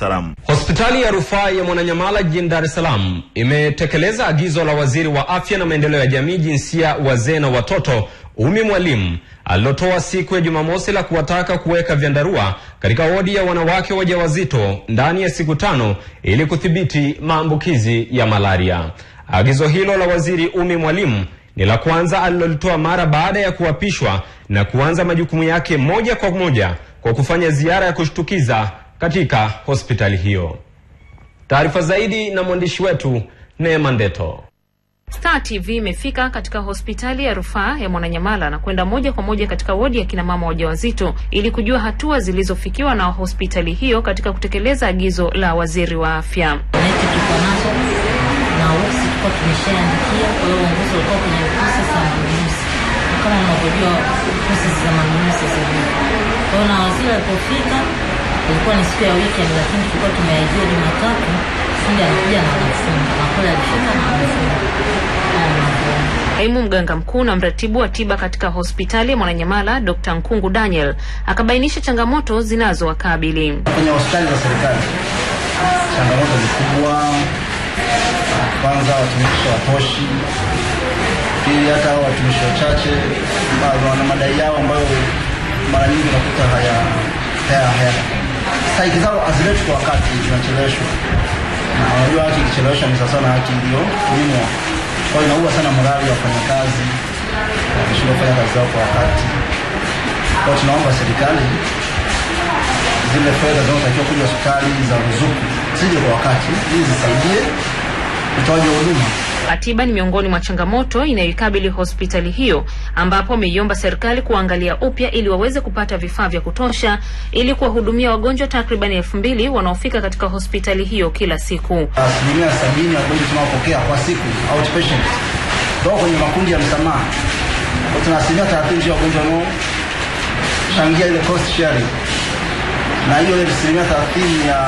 Salaam. Hospitali ya rufaa ya Mwananyamala jijini Dar es Salaam imetekeleza agizo la Waziri wa Afya na Maendeleo ya Jamii, Jinsia, Wazee na Watoto Umi Mwalimu alilotoa siku ya Jumamosi la kuwataka kuweka vyandarua katika wodi ya wanawake wajawazito ndani ya siku tano ili kudhibiti maambukizi ya malaria. Agizo hilo la Waziri Umi Mwalimu ni la kwanza alilolitoa mara baada ya kuapishwa na kuanza majukumu yake moja kwa moja kwa kufanya ziara ya kushtukiza katika hospitali hiyo. Taarifa zaidi na mwandishi wetu Neema Ndeto. Star TV imefika katika hospitali ya rufaa ya Mwananyamala na kwenda moja kwa moja katika wodi ya kina mama wajawazito ili kujua hatua zilizofikiwa na hospitali hiyo katika kutekeleza agizo la waziri wa afya. kama unavyojua ofisi za manunuzi sasa hivi. na waziri alipofika ilikuwa ni siku ya weekend, lakini tulikuwa tumeahidiwa Jumatatu fundi alikuja na wanafunzi na alifika na wanafunzi. Kaimu mganga mkuu na mratibu wa tiba katika hospitali ya Mwananyamala Dr. Nkungu Daniel akabainisha changamoto zinazowakabili kwenye hospitali za serikali. Changamoto ni kubwa, kwanza watumishi watoshi, pili hata watumishi wachache wana madai yao ambayo mara nyingi unakuta haya haya haya stahiki zao hazileti kwa wakati, zinacheleweshwa. Na wajua, haki ikicheleweshwa ni sawasawa na haki iliyotumwa, kwa hiyo inaua sana morali ya wafanyakazi, wakishindwa kufanya kazi zao kwa wakati. Kwa tunaomba serikali zile fedha zinazotakiwa kuja hospitali za ruzuku zije kwa wakati, ili zisaidie utoaji wa huduma ratiba ni miongoni mwa changamoto inayoikabili hospitali hiyo, ambapo ameiomba serikali kuangalia upya ili waweze kupata vifaa vya kutosha ili kuwahudumia wagonjwa takriban elfu mbili wanaofika katika hospitali hiyo kila siku. Asilimia sabini ya wagonjwa tunaopokea kwa siku outpatient kutoka kwenye makundi ya msamaha, tuna asilimia thelathini ya wagonjwa wanaochangia ile cost sharing na hiyo ile asilimia thelathini ya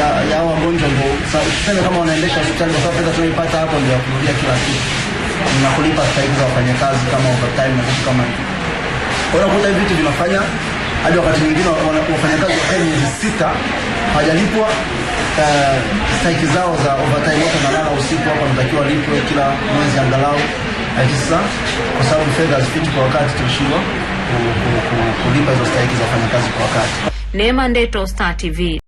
ya ya wagonjwa ndio tuseme kama wanaendesha hospitali, kwa sababu pesa tunaipata hapo ndio kurudia kila siku na kulipa stahiki za wafanyakazi kama overtime na vitu kama hivyo. Kwa hiyo unakuta vitu vinafanya hadi wakati mwingine wafanyakazi wakae miezi sita hawajalipwa uh, stahiki zao za overtime, wako nalala usiku, hapo, wanatakiwa lipwe kila mwezi angalau, lakini kwa sababu fedha hazifiki kwa wakati, tulishindwa kulipa hizo stahiki za wafanyakazi kwa wakati. Neema Ndeto, Star TV.